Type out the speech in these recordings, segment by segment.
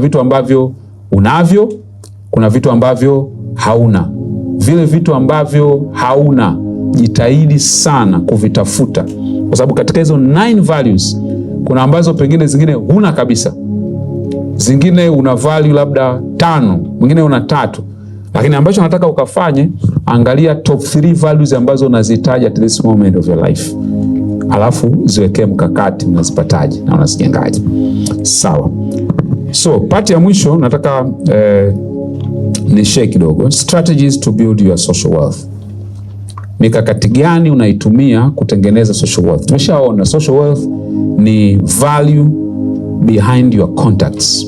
kuna vitu ambavyo unavyo, kuna vitu ambavyo hauna. Vile vitu ambavyo hauna, jitahidi sana kuvitafuta, kwa sababu katika hizo nine values kuna ambazo pengine zingine huna kabisa, zingine una value labda tano, mwingine una tatu lakini ambacho nataka ukafanye, angalia top 3 values ambazo unazihitaji at this moment of your life, alafu ziwekee mkakati unazipataje na unazijengaje. Sawa. So pati ya mwisho nataka eh, ni share kidogo strategies to build your social wealth. Mikakati gani unaitumia kutengeneza social wealth? Tumeshaona social wealth ni value behind your contacts,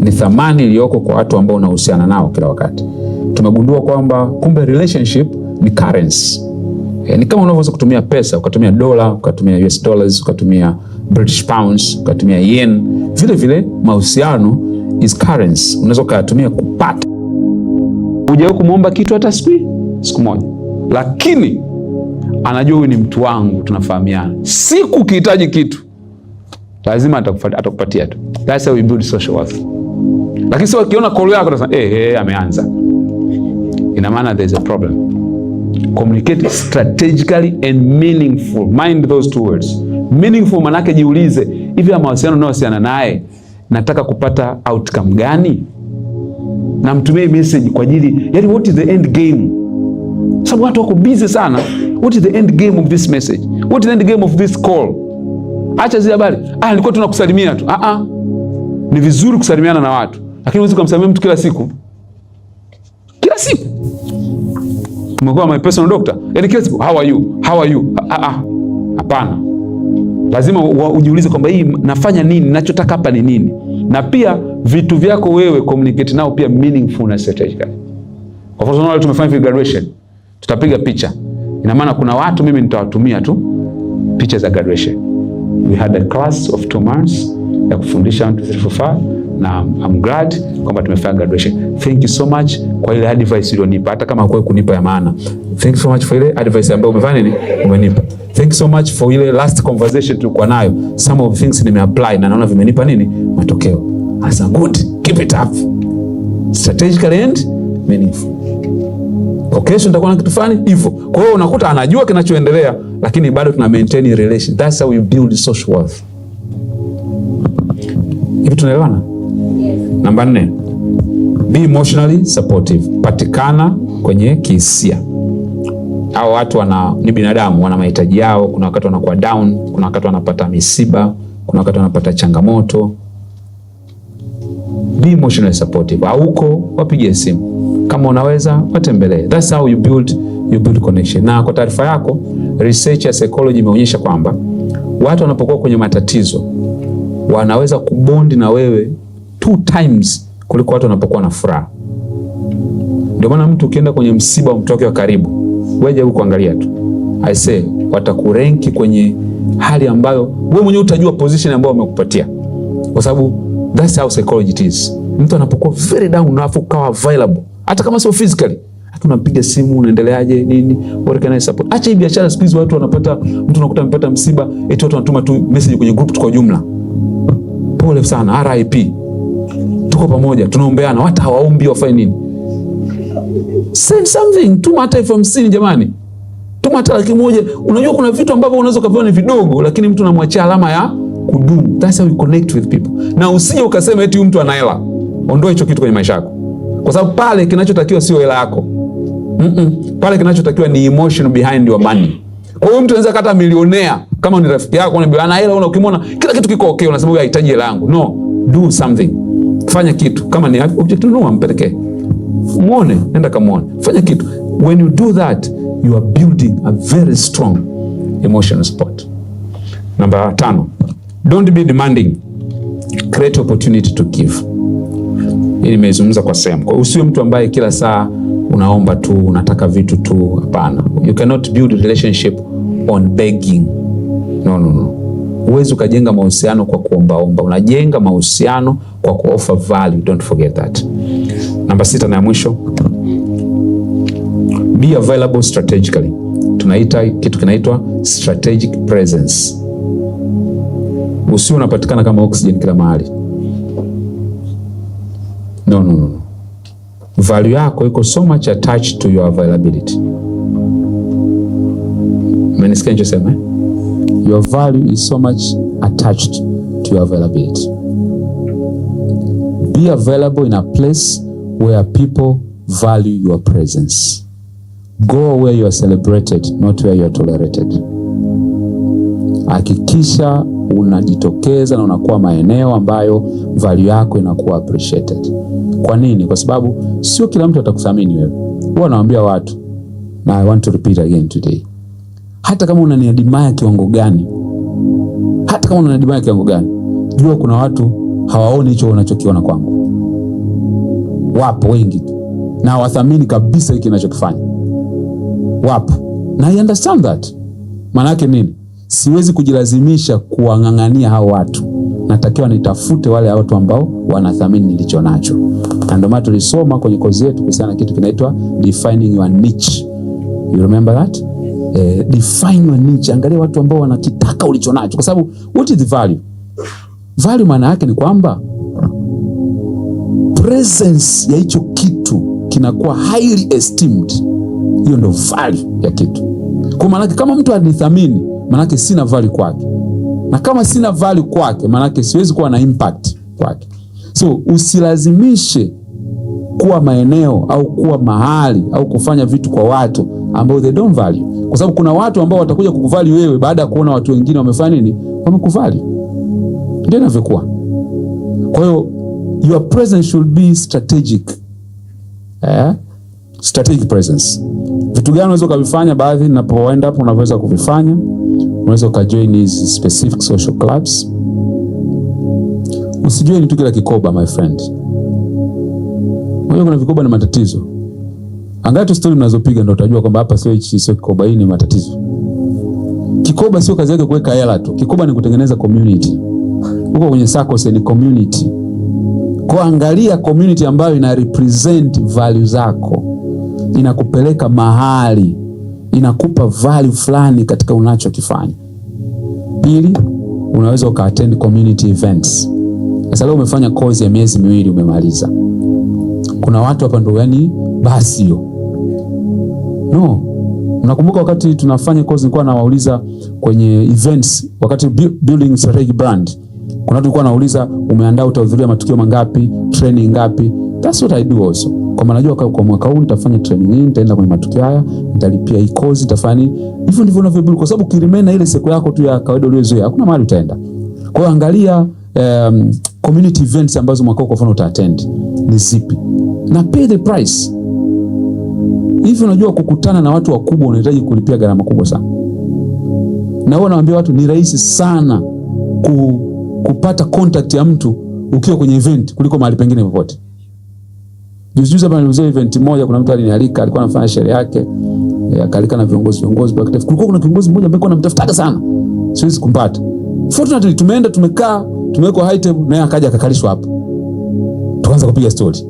ni thamani iliyoko kwa watu ambao unahusiana nao kila wakati. Tumegundua kwamba kumbe relationship ni currency. E, ni kama unavyoweza kutumia pesa ukatumia dola ukatumia US dollars ukatumia British pounds, ukatumia yen. Vile vile mahusiano is currency, unaweza ukayatumia kupata. Hujawahi kumwomba kitu hata siku siku moja, lakini anajua huyu ni mtu wangu, tunafahamiana. Siku ukihitaji kitu lazima atakupatia tu. That's how we build social wealth. Lakini sio akiona kolo yako anasema eh, eh, eh, ameanza. Ina maana there's a problem. Communicate strategically and meaningful. Mind those two words meaningful manake, jiulize hivi, ya mawasiliano unayohusiana naye nataka kupata outcome gani? Namtumie message kwa ajili yani, what is the end game? Sababu watu wako busy sana. What is the end game of this message? What is the end game of this call? Acha zile habari, ah, nilikuwa tunakusalimia tu. Ah ah, ni vizuri kusalimiana na watu, lakini huwezi kumsalimia mtu kila siku, kila siku umekuwa my personal doctor, yani kila siku how are you, how are you. Ah ah, hapana lazima ujiulize kwamba hii nafanya nini, nachotaka hapa ni nini, na pia vitu vyako wewe communicate nao pia meaningful na strategic. Kwa mfano leo tumefanya hivi graduation, tutapiga picha. Ina maana kuna watu mimi nitawatumia tu picha za graduation. We had a class of two months ya kufundisha na I'm glad kwamba tumefanya graduation. Thank you so much kwa ile advice ulionipa, hata kama kwa kunipa ya maana. Thank you so much for ile advice ambayo umefanya nini, umenipa. Thank you so much for ile last conversation tulikuwa nayo, some of the things nimeapply na naona vimenipa nini matokeo. As a good, keep it up, strategic and meaningful. Kwa kesho nitakuwa na kitu fulani hivyo. Kwa hiyo unakuta anajua kinachoendelea, lakini bado tuna maintain relation. That's how we build social wealth. Hivi tunaelewana? Namba nne, be emotionally supportive, patikana kwenye kihisia. Hao watu wana ni binadamu, wana mahitaji yao. Kuna wakati wanakuwa down, kuna wakati wanapata misiba, kuna wakati wanapata changamoto. Be emotionally supportive. Hauko, wapige simu kama unaweza watembelee. That's how you build, you build connection. Na kwa taarifa yako, research ya psychology imeonyesha kwamba watu wanapokuwa kwenye matatizo wanaweza kubondi na wewe two times kuliko watu wanapokuwa na furaha. Ndio maana mtu ukienda kwenye msiba wa mtu wake wa karibu, wewe jaribu kuangalia tu, I say watakurenki kwenye hali ambayo wewe mwenyewe utajua position ambayo wamekupatia, kwa sababu that's how psychology it is. Mtu anapokuwa very down na ukawa available, hata kama sio physically hata unampiga simu, unaendeleaje, nini, what can I support. Acha hii biashara, siku hizi watu wanapata, mtu anakuta amepata msiba, eti watu wanatuma tu message kwenye group kwa jumla, pole sana, RIP tuko pamoja, tunaombeana, hata hawaombi wafanye nini? Send something, tuma hata elfu hamsini jamani, tuma hata laki moja. Unajua kuna vitu ambavyo unaweza ukaviona ni vidogo, lakini mtu anamwachia alama ya kudumu. That's how you connect with people. Na usije ukasema eti huyu mtu ana hela. Ondoa hicho kitu kwenye maisha yako, kwa sababu pale kinachotakiwa sio hela yako. Mm -mm. Pale kinachotakiwa ni emotion behind your money. Kwa hiyo mtu anaweza kata milionea kama ni rafiki yako, ana hela, ukimwona kila kitu kiko okay, unasema huyu hahitaji hela yangu. No, do something fanya kitu, kama ni object ununua, mpelekee, mwone, nenda kamwone, fanya kitu. When you do that you are building a very strong emotional support. Namba tano, don't be demanding, create opportunity to give. Hii nimezungumza kwa sehemu, kwa usiwe mtu ambaye kila saa unaomba tu, unataka vitu tu. Hapana, you cannot build relationship on begging. No, no, no. Huwezi ukajenga mahusiano kwa kuombaomba, unajenga mahusiano kwa kuoffer value. Don't forget that. Namba sita na ya mwisho, be available strategically. Tunaita kitu kinaitwa strategic presence. Usio unapatikana kama oxygen kila mahali. No, no, no. Value yako iko so much attached to your availability. Umenisikia nichosema? Eh? your value is so much attached to your availability. Be available in a place where people value your presence. Go where you are celebrated, not where you are tolerated. Hakikisha unajitokeza na unakuwa maeneo ambayo value yako inakuwa appreciated. Kwa nini? Kwa sababu sio kila mtu atakuthamini wewe. Huwa nawaambia watu na I want to repeat again today hata kama unaniadimaya kiwango gani, hata kama unaniadimaya kiwango gani, jua kuna watu hawaoni hicho unachokiona kwangu. Wapo wengi tu na wathamini kabisa hiki ninachokifanya, wapo na I understand that. Maanake nini? Siwezi kujilazimisha kuwang'ang'ania hao watu, natakiwa nitafute wale watu ambao wanathamini nilicho nacho, na ndio maana tulisoma kwenye kozi yetu kuhusiana na kitu kinaitwa defining your niche. You remember that? eh, define your niche. Angalia watu ambao wanakitaka ulicho nacho, kwa sababu what is the value? Value maana yake ni kwamba presence ya hicho kitu kinakuwa highly esteemed. Hiyo ndio value ya kitu. Kwa maana kama mtu anithamini, yake sina value kwake, na kama sina value kwake, yake siwezi kuwa na impact kwake. So usilazimishe kuwa maeneo au kuwa mahali au kufanya vitu kwa watu ambao they don't value, kwa sababu kuna watu ambao watakuja kukuvali wewe baada ya kuona watu wengine wamefanya nini, wamekuvali. Ndio inavyokuwa. Kwa hiyo your presence should be strategic. Eh? Strategic presence. Vitu gani unaweza ukavifanya? Baadhi ninapoenda hapo unaweza kuvifanya. Unaweza ukajoin these specific social clubs. Usijoin tu kila kikoba my friend. Unajua kuna vikoba ni matatizo. Angalia tu stori mnazopiga ndio utajua kwamba hapa sio hichi sio kikoba hii ni matatizo. Kikoba sio kazi yake kuweka hela tu. Kikoba ni kutengeneza community. Huko kwenye SACCOS ni community. Kwa angalia community ambayo ina represent value zako. Inakupeleka mahali. Inakupa value fulani katika unachokifanya. Pili, unaweza uka attend community events. Sasa leo umefanya course ya miezi miwili umemaliza kuna watu hapa ndo yani basi hiyo no. Nakumbuka wakati tunafanya course nilikuwa nawauliza kwenye events, wakati building strategic brand, kuna watu walikuwa nauliza umeandaa, utahudhuria matukio mangapi, training ngapi? That's what I do also, kwa maana najua kwa mwaka huu nitafanya training hii, nitaenda kwenye matukio haya, nitalipia hii course, nitafanya hivyo. Ndivyo unavyobuild, kwa sababu kirimena ile siku yako tu ya kawaida uliyozoea, hakuna mahali utaenda. Kwa hiyo angalia um, community events ambazo mwaka huu kwa mfano utaattend ni zipi na pay the price. Hivyo unajua, kukutana na watu wakubwa unahitaji kulipia gharama kubwa sana, na huwa nawaambia watu ni rahisi sana ku, kupata contact ya mtu ukiwa kwenye event kuliko mahali pengine popote. Juzi juzi hapa nilizia event moja, kuna mtu alinialika, alikuwa anafanya sherehe yake, eh, akalika na viongozi viongozi, kulikuwa kuna kiongozi mmoja ambaye namtafutaga sana, siwezi kumpata. Fortunately tumeenda tumekaa, tumewekwa high table, naye akaja akakalishwa hapo, tukaanza kupiga story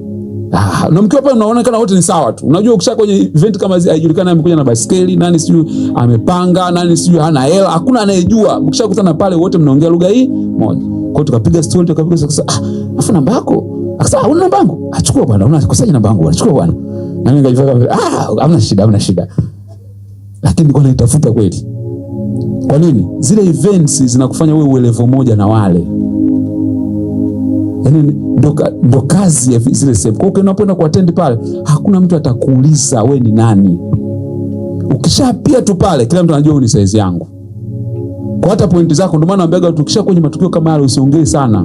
Ah, na mkiwa pale unaonekana wote ni sawa tu. Unajua ukisha kwenye event kama hizi haijulikani amekuja na baiskeli, nani siyo amepanga, nani siyo hana hela, hakuna anayejua. Mkishakutana pale wote mnaongea lugha hii moja. Kwa hiyo tukapiga story, tukapiga sasa, ah, afu namba yako. Akasema hauna namba yangu? Achukua bwana, unakosaje namba yangu Achukua bwana. Na mimi nikajifanya ah, hamna shida, hamna shida. Lakini nilikuwa naitafuta kweli. Kwa nini? Zile events zinakufanya wewe uelevo moja na wale yani ndo kazi ya zile sehemu. Kwa hiyo unapoenda kuatendi pale, hakuna mtu atakuuliza we ni nani. Ukishapia tu pale, kila mtu anajua huyu ni saizi yangu, kwa hata pointi zako. Ndio maana naambiaga watu, ukisha kwenye matukio kama yale usiongee sana,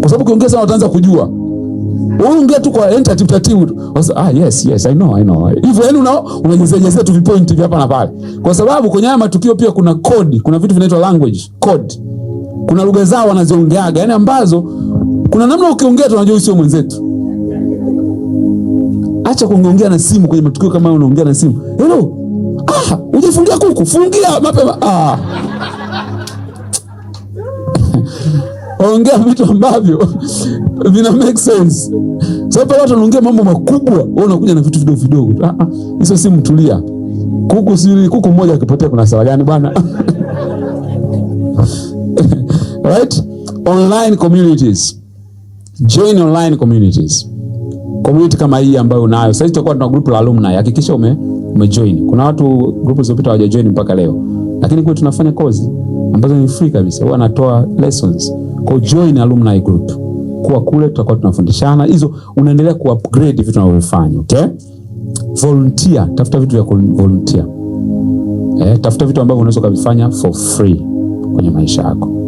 kwa sababu ukiongea sana wataanza kujua Unaongea tu kwa taratibu taratibu tu. Ah, yes, yes, I know, I know. Hivyo yani una jezea tu vipoint vya hapa na pale. Kwa sababu kwenye haya matukio pia kuna code, kuna vitu vinaitwa language, code kuna lugha zao wanaziongeaga, yani ambazo kuna namna ukiongea tunajua sio mwenzetu. Acha kuongea na simu kwenye matukio kama hayo, unaongea na simu hello. Ah, ujifungia kuku, fungia mapema. Ah, ongea vitu ambavyo vina make sense. Sasa pale watu wanaongea mambo makubwa, wewe unakuja na vitu vidogo vidogo. Ah Ah, hizo simu, tulia. Kuku siri, kuku mmoja akipotea kuna sala gani bwana? Right? Online communities. Join online communities. Community kama hii ambayo unayo. Sasa tutakuwa tuna group la alumni. Hakikisha ume umejoin. Kuna watu group zilizopita hawajajoin mpaka leo. Lakini kwetu tunafanya kozi ambazo ni free kabisa. Huwa anatoa lessons. Kwa join alumni group. Kwa kule tutakuwa tunafundishana. Hizo unaendelea ku upgrade vitu unavyofanya. Okay? Volunteer, tafuta vitu vya volunteer. Eh, tafuta vitu ambavyo unaweza kuvifanya for free kwenye maisha yako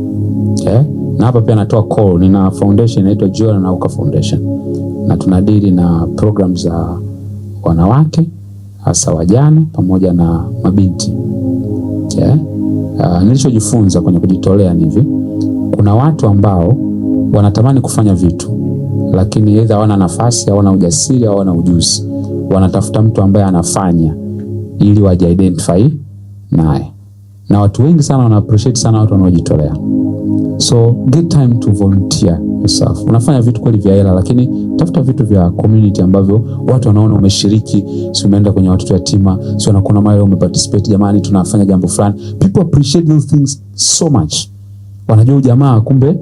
eh? Na hapa pia natoa call, nina foundation inaitwa Joel Nauka Foundation na tunadili na program za wanawake hasa wajane pamoja na mabinti yeah. Uh, nilichojifunza kwenye kujitolea ni hivi, kuna watu ambao wanatamani kufanya vitu lakini aidha hawana nafasi, hawana ujasiri, hawana ujuzi, wanatafuta mtu ambaye anafanya ili waji identify naye, na watu wengi sana wana appreciate sana watu wanaojitolea. So get time to volunteer yourself. Unafanya vitu kweli vya hela, lakini tafuta vitu vya community ambavyo watu wanaona umeshiriki. Si umeenda kwenye watoto yatima, si unakuona mali umeparticipate, jamani tunafanya jambo fulani. People appreciate those things so much. Wanajua jamaa kumbe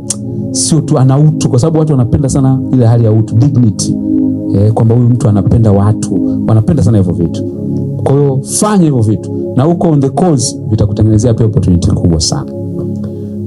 sio tu ana utu, kwa sababu watu wanapenda sana ile hali ya utu, dignity, eh, kwamba huyu mtu anapenda watu, wanapenda sana hivyo vitu. Kwa hiyo fanya hivyo vitu na huko on the cause, vitakutengenezea pia opportunity kubwa sana.